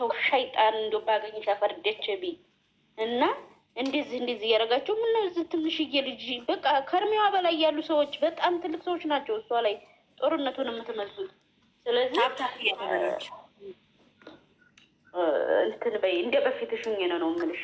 ሰው ሸይጣን እንዶ ባገኝ አፈርደች ቢ እና እንደዚህ እንደዚህ እያደረጋቸው ምን እዚህ ትንሽዬ ልጅ በቃ ከእድሜዋ በላይ ያሉ ሰዎች በጣም ትልቅ ሰዎች ናቸው እሷ ላይ ጦርነቱን የምትመልሱት። ስለዚህ እንትን በይ እንደ በፊት ሽኝ ነው ነው የምልሽ።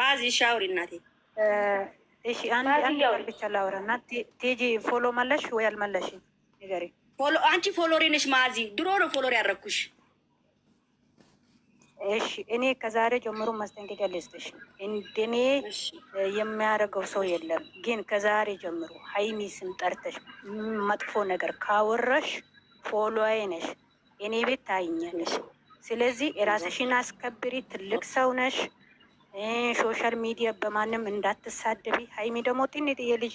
ማዚ ሻውሪ እናቴ እሺ አንድ አንድ ብቻ ላውራ እና ቴጂ ፎሎ መለሽ ወይ አልመለሽ? ንገሪ። ፎሎ አንቺ ፎሎሪ ነሽ ማዚ፣ ድሮ ነው ፎሎሪ ያረኩሽ። እሺ እኔ ከዛሬ ጀምሮ ማስጠንቀቂያ ልስጥሽ፣ እንደኔ የሚያደርገው ሰው የለም። ግን ከዛሬ ጀምሮ ሀይሚ ስም ጠርተሽ መጥፎ ነገር ካወረሽ ፎሎ አይነሽ እኔ ቤት ታይኛለሽ። ስለዚህ የራስሽን አስከብሪ፣ ትልቅ ሰው ነሽ። ሶሻል ሚዲያ በማንም እንዳትሳደቢ። ሀይሚ ደግሞ ጥንጥዬ የልጅ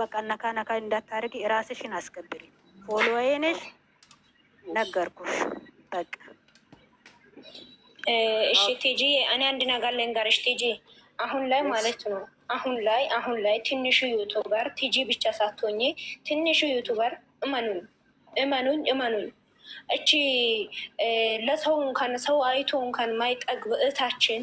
በቃ ነካ ነካ እንዳታደርጊ ራስሽን አስከብሪ። ፎሎዬ ነሽ ነገርኩሽ። በቃ እሺ ቲጂ፣ እኔ አንድ ነገር ልንገርሽ ቲጂ፣ አሁን ላይ ማለት ነው አሁን ላይ አሁን ላይ ትንሹ ዩቱበር ቲጂ ብቻ ሳትሆኝ ትንሹ ዩቱበር እመኑኝ፣ እመኑኝ፣ እመኑኝ እቺ ለሰው እንኳን ሰው አይቶ እንኳን ማይጠግብ እህታችን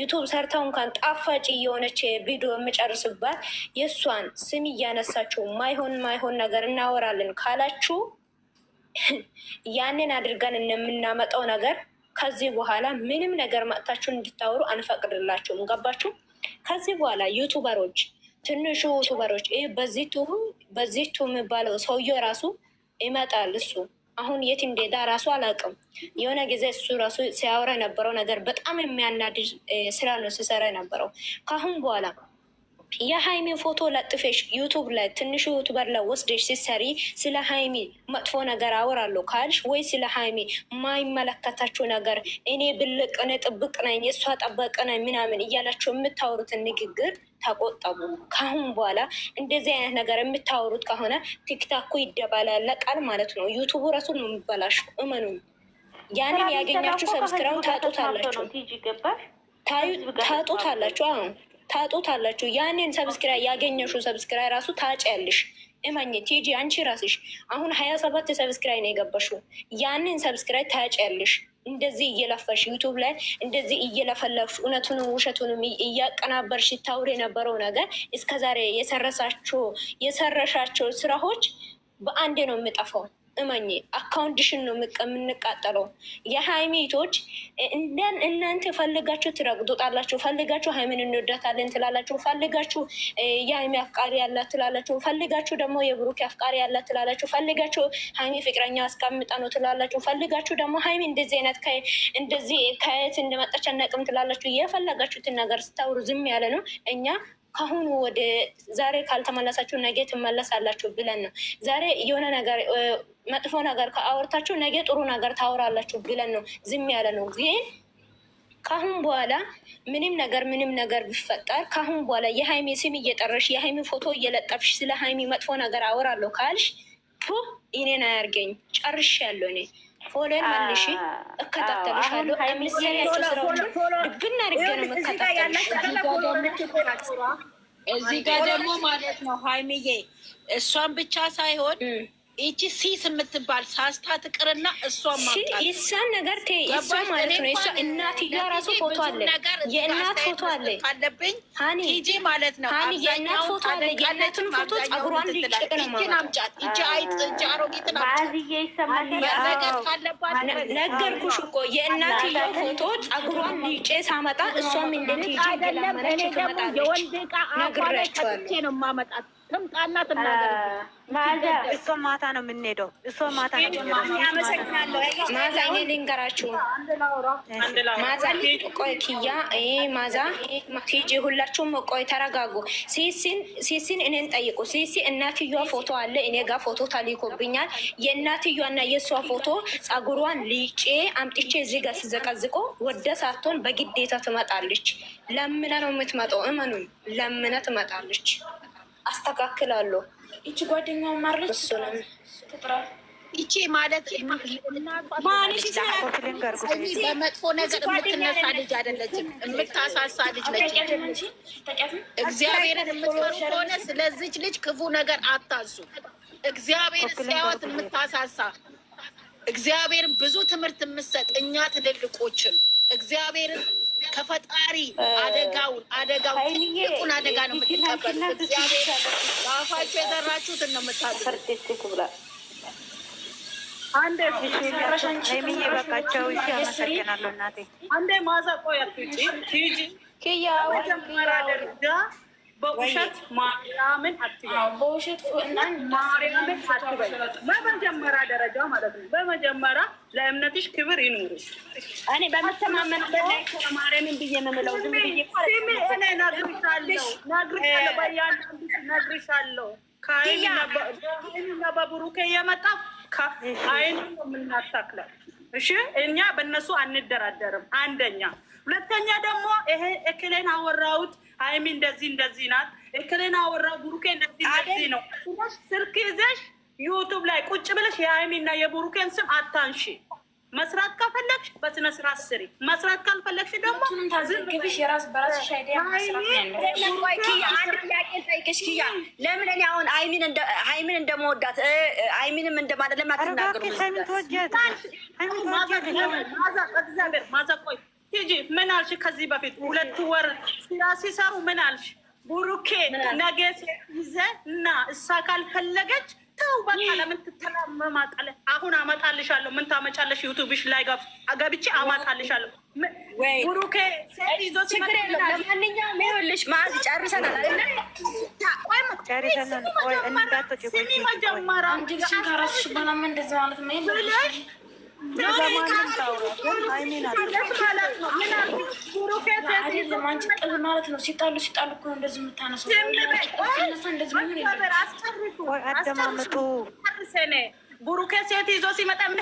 ዩቱብ ሰርተው እንኳን ጣፋጭ እየሆነች ቪዲዮ የምጨርስባት የእሷን ስም እያነሳችሁ ማይሆን ማይሆን ነገር እናወራለን ካላችሁ ያንን አድርገን የምናመጣው ነገር ከዚህ በኋላ ምንም ነገር መጥታችሁን እንድታወሩ አንፈቅድላችሁም። ገባችሁ? ከዚህ በኋላ ዩቱበሮች፣ ትንሹ ዩቱበሮች በዚህ በዚህ የሚባለው ሰውየ ራሱ ይመጣል እሱ አሁን የት እንደሄደ ራሱ አላውቅም። የሆነ ጊዜ እሱ ራሱ ሲያወራ የነበረው ነገር በጣም የሚያናድድ ስራ ነው ሲሰራ የነበረው። ከአሁን በኋላ የሀይሚ ፎቶ ለጥፌሽ ዩቱብ ላይ ትንሹ ዩቱበር ላይ ወስደሽ ሲሰሪ ስለ ሀይሚ መጥፎ ነገር አወራለሁ ካልሽ ወይ ስለ ሀይሚ ማይመለከታችሁ ነገር እኔ ብልቅ፣ እኔ ጥብቅ ነኝ፣ እሷ ጠበቅ ነኝ ምናምን እያላችሁ የምታወሩትን ንግግር ተቆጠቡ። ካሁን በኋላ እንደዚህ አይነት ነገር የምታወሩት ከሆነ ቲክታኩ ይደባላለቃል ማለት ነው። ዩቱቡ ራሱ ነው የሚበላሽ። እመኑ። ያንን ያገኛችሁ ሰብስክራውን ታጡታላችሁ፣ ታጡታላችሁ፣ አሁን ታጡታላችሁ። ያንን ሰብስክራ ያገኘሹ ሰብስክራ ራሱ ታጭ ያልሽ እመኝ ቲጂ፣ አንቺ ራስሽ አሁን ሀያ ሰባት ሰብስክራይ ነው የገባሽው። ያንን ሰብስክራይ ታጭ ያልሽ እንደዚህ እየለፈሽ ዩቱብ ላይ እንደዚህ እየለፈለፍሽ እውነቱንም ውሸቱንም እያቀናበርሽ ታውር የነበረው ነገር እስከዛሬ የሰረሳቸው የሰረሻቸው ስራዎች በአንዴ ነው የምጠፋው። እመኝ አካውንትሽን ነው የምንቃጠለው። የሀይሚቶች እንደን እናንተ ፈልጋችሁ ትረግጦጣላችሁ፣ ፈልጋችሁ ሀይሚን እንወዳታለን ትላላችሁ፣ ፈልጋችሁ የሀይሚ አፍቃሪ ያላት ትላላችሁ፣ ፈልጋችሁ ደግሞ የብሩክ አፍቃሪ ያላት ትላላችሁ፣ ፈልጋችሁ ሀይሚ ፍቅረኛ አስቀምጣ ነው ትላላችሁ፣ ፈልጋችሁ ደግሞ ሀይሚ እንደዚህ አይነት እንደዚህ ከየት እንደመጣች አናውቅም ትላላችሁ። የፈለጋችሁትን ነገር ስታውሩ ዝም ያለ ነው እኛ ከአሁኑ ወደ ዛሬ ካልተመለሳችሁ ነገ ትመለሳላችሁ ብለን ነው። ዛሬ የሆነ ነገር መጥፎ ነገር ከአወርታችሁ ነገ ጥሩ ነገር ታወራላችሁ ብለን ነው ዝም ያለ ነው ግን ካሁን በኋላ ምንም ነገር ምንም ነገር ቢፈጠር ካሁን በኋላ የሀይሚ ስም እየጠረሽ የሀይሚ ፎቶ እየለጠፍሽ ስለ ሀይሚ መጥፎ ነገር አወራለሁ ካልሽ ፑ እኔን አያርገኝ ጨርሽ ያለው እኔ ፎሎን መልሽ፣ እከታተልሻለሁ። የምትሰሪያቸው ስራዎች ብና ርገ ነው እዚህ ጋር ደግሞ ማለት ነው ሀይሚዬ እሷን ብቻ ሳይሆን ይቺ ሲስ የምትባል ሳስታ ትቅርና እሷ ማጣእሷን ነገር እሷ ማለት ነው። እሷ ራሱ ፎቶ አለ፣ የእናት ፎቶ አለ አለብኝ ማለት ነው። የእናት ፎቶ አለ፣ የእናትን ፎቶ ጸጉሯን ነገርኩሽ እኮ የእናትዬ ፎቶ ጸጉሯን ልጬ ሳመጣ እሷም እንደት ሂጂ ብላ ትምጣና ትናገር። እሷ ማታ ነው የምንሄደው። እሷ ማታ ነው አመሰግናለሁ። ማዛ እኔ ልንገራችሁ፣ ማዛ ቆይ፣ ኪያ ማዛ ቲጂ፣ ሁላችሁም ቆይ ተረጋጉ። ሲሲን እኔን ጠይቁ። ሲሲ እናትዮዋ ፎቶ አለ እኔ ጋር ፎቶ ታሊኮብኛል። የእናትዮዋና የእሷ ፎቶ ጸጉሯን ልጬ አምጥቼ እዚህ ጋር ስዘቀዝቆ ወደ ሳትሆን በግዴታ ትመጣለች። ለምነ ነው የምትመጣው። እመኑኝ፣ ለምነ ትመጣለች። አስተካክላለሁ። እቺ ጓደኛው ማርለች ማለት በመጥፎ ነገር የምትነሳ ልጅ አይደለችም፣ የምታሳሳ ልጅ ነች። እግዚአብሔርን የምትፈሩ ከሆነ ስለዚች ልጅ ክፉ ነገር አታዙ። እግዚአብሔር ሲያወት የምታሳሳ እግዚአብሔርን ብዙ ትምህርት የምትሰጥ እኛ ትልልቆችን እግዚአብሔርን ከፈጣሪ አደጋውን አደጋውን ትልቁን አደጋ ነው የምትቀበሉ። እግዚአብሔር በአፋቸው የዘራችሁትን ነው አንዴ በቃቸው። አመሰግናለሁ እናቴ። አንዴ ማዘቆ ያልኩ ኪያ መጀመሪያ ደረጃ በውሸት ማርያምን አትበማርያምን አትበይ። በመጀመሪያ ደረጃ ማለት ነው። በመጀመሪያ ለእምነትሽ ክብር ይኑርሽ። እኔ በምተማመንበት ላይ ማርያምን ብዬ የምምለው ዝም ብዬ እኔ ነግርሻለሁ፣ ነግርሻለሁ፣ በያንዳንዱ ነግርሻለሁ። ከአይንና በብሩኬ የመጣ አይን የምናታክለው እሺ እኛ በእነሱ አንደራደርም። አንደኛ ሁለተኛ ደግሞ ይሄ እክሌን አወራሁት ሀይሚ እንደዚህ እንደዚህ ናት፣ እክሌን አወራው ቡሩኬ እንደዚህ እንደዚህ ነው። ስልክ ይዘሽ ዩቱብ ላይ ቁጭ ብለሽ የሀይሚና የቡሩኬን ስም አታንሺ። መስራት ካልፈለግሽ በስነ ስርዓት ስሪ። መስራት ካልፈለግሽ ደግሞ ግብሽ የራስ በራስ በራስሽ ለምን እኔ አሁን ሀይሚን እንደመወዳት ሀይሚንም እንደማደለም አትናገሩ። ማዛ ቆይ ሂጂ ምን አልሽ? ከዚህ በፊት ሁለት ወር ስራ ሲሰሩ ምን አልሽ? ቡሩኬ ነገ ይዘ እና እሳ ካልፈለገች ተው በቃ ለምን ትተማማጣለህ? አሁን አመጣልሻለሁ። ምን ታመጫለሽ? ዩቱብሽ ላይ ገብቼ አመጣልሻለሁ። ቡሩኬ ሴት ይዞ ሲመጣ ለማንኛውም ይኸውልሽ ማዝ ጨርሰናል። ስሚ መጀመሪያ ማለት ነው። ሲጣሉ ብሩኬ ሴት ይዞ ሲመጣ ምን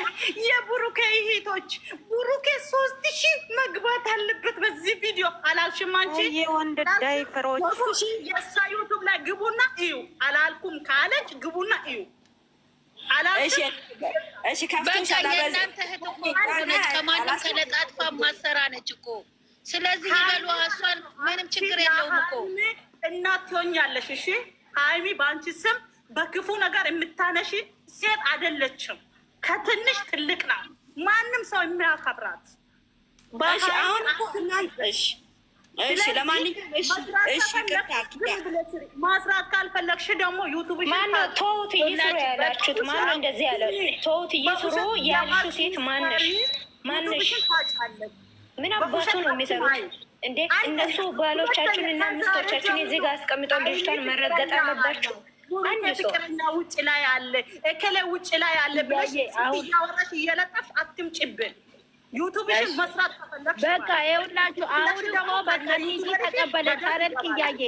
የብሩኬ ይሄቶች ብሩኬ ሶስት ሺህ መግባት አለበት በዚህ ቪዲዮ አላልሽም አንቺ የወንድ ዳይፈሮች የሳ ዩቱብ ላይ ግቡና እዩ አላልኩም ካለች ግቡና እዩ ከማንም ተለጣጥፋ ማሰራ ነች እኮ። ስለዚህ ይበሉ እሷን ምንም ችግር የለውም እኮ እናት ትሆኛለሽ። እሺ ሀይሚ በአንቺ ስም በክፉ ነገር የምታነሺ ሴት አይደለችም። ከትንሽ ትልቅ ናት። ማንም ሰው የሚያከብራት በአሁን ማስራት ካልፈለግሽ ደግሞ ዩቱብ ማነው ተውት እይስሩ ያላችሁት? ማነው እንደዚህ ያለ ተውት እይስሩ ያልሽው ሴት ማነሽ? ማነሽ? ምን አባቱ ነው የሚሰሩት? እንዴ እነሱ ባሎቻችሁን እና ሚስቶቻችሁን እዚህ ጋር አስቀምጠው ልጅቷን መረገጥ አለባቸው። አንድ ፍቅረኛ ውጭ ላይ አለ እከሌ ውጭ ላይ አለ ብለሽ እያወራሽ እየለጠፍሽ አትምጭብን። ዩቱብሽን መስራት ከፈለግሽ በቃ ይኸውላችሁ፣ አሁን ደግሞ በቃ ሊዚ ተቀበለች አይደል? ቅያዬ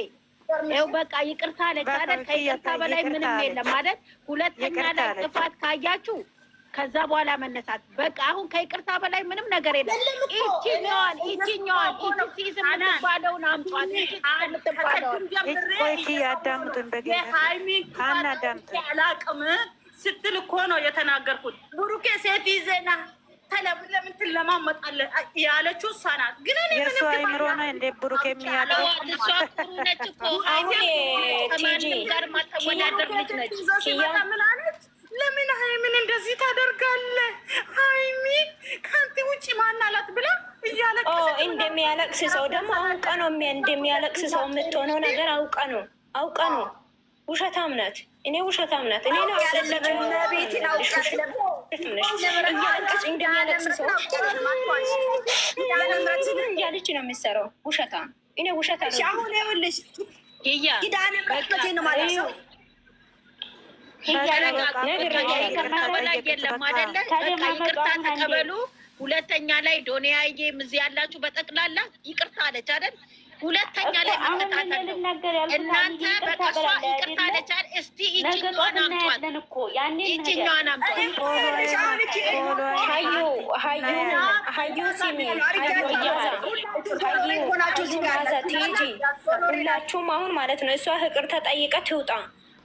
ይኸው በቃ ይቅርታ አለች አይደል? ከይቅርታ በላይ ምንም የለም ማለት ሁለተኛ ላይ ጥፋት ካያችሁ ከዛ በኋላ መነሳት በቃ አሁን ከይቅርታ በላይ ምንም ነገር የለም። ይችኛዋን ይችኛዋን ኢቲሲዝ የምትባለውን አምጧት የምትባለውን አዳምጡን። በሀይሚን አላቅም ስትል እኮ ነው የተናገርኩት። ብሩኬ ሴት ይዘና ለምን ትለማመጣለህ ያለችው እሷ ናት። ግን እኔ አይምሮ ነው እንደ ብሩክ የሚያለው እሷ ነች እኮ አሁን ከማንም ጋር ልጅ ነች። ምን አለች? ለምን እንደዚህ ታደርጋለህ? ከአንተ ውጭ ማን አላት ብላ እንደሚያለቅስ ሰው ደግሞ ነው እንደሚያለቅስ ሰው የምትሆነው ነገር አውቀ ነው አውቀ ነው። ውሸታም ናት። እኔ ውሸታም ናት። እኔ ነው ቤት ነው ደግሞ እያለች ነው የምትሰራው። ውሸታ እኔ ውሸታ አሁን ይኸውልሽ ኪዳነ ምሕረት ነው ማለት ነው። ሁለተኛ ላይ ዶኔ ያዬም እዚህ ያላችሁ በጠቅላላ ይቅርታ አለች አይደል? ሁለተኛ ላይ አመጣታለሁ። እናንተ በቀሷ ይቅርታ ለቻል እስቲ ይችኛዋን አምጧት፣ ይችኛዋን አምጧት። ሁላችሁም አሁን ማለት ነው እሷ ይቅርታ ጠይቀ ትውጣ።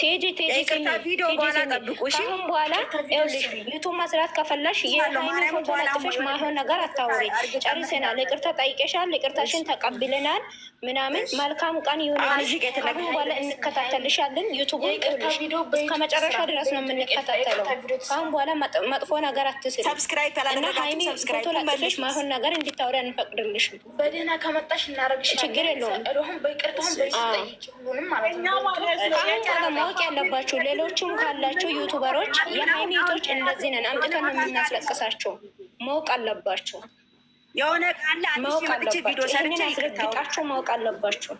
ቴጂ ቴጂ ቪዲዮ በኋላ ጠብቁ። ካሁን በኋላ ዩቱብ መስራት ከፈላሽ የሃይሚ ፎቶ ለጥፈሽ ማይሆን ነገር አታወሪ። ጨርሰናል። ይቅርታ ጠይቀሻል። ይቅርታሽን ተቀብለናል ምናምን። መልካም ቀን ይሁንልሽ። ካሁን በኋላ እንከታተልሻለን። ዩቱብ ይቅርታሽ እስከ መጨረሻ ድረስ ነው የምንከታተለው። ካሁን በኋላ መጥፎ ነገር አትስሪ እና ሃይሚ ፎቶ ለጥፈሽ ማይሆን ነገር እንዲታወሪ አንፈቅድልሽ። በደህና ከመጣሽ እናረግሽ ችግር የለውም። ማወቅ ያለባችሁ ሌሎችም ካላችሁ ዩቱበሮች የሃይማኖቶች እንደዚህ ነን፣ አምጥተን ነው የምናስለቅሳቸው። ማወቅ አለባችሁ፣ የሆነ ቃል ማወቅ አለባችሁ፣ ይህንን አስረግጣችሁ ማወቅ አለባችሁ።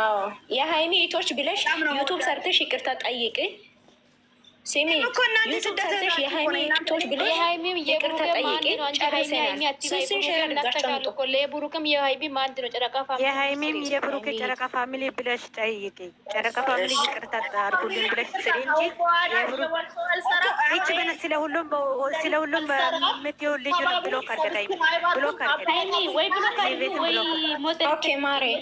አዎ ብለሽ ዩቱብ ሰርተሽ ይቅርታ ጠይቅ። ሲሚ ዩቱብ ሰርተሽ የሀይሚ ቶች ብሎ የሀይሚ ይቅርታ ጠይቄ ጨርሰናልስንሽን ያደርጋቸው ምጡ የቡሩክም የሀይሚ አንድ ነው። ጨረቃ ፋሚሊ የሀይሚም የቡሩክ ጨረቃ ፋሚሊ ብለሽ ጠይቄ ጨረቃ ፋሚሊ ይቅርታ አድርጉልን ብለሽ ስሪ እንጂ ይች ግን ስለ ሁሉም ስለ ሁሉም የምትይው ልጅ ብሎ ካደጋይ ብሎ ካደጋይ ወይ ብሎ ወይ ሞተ ማሬ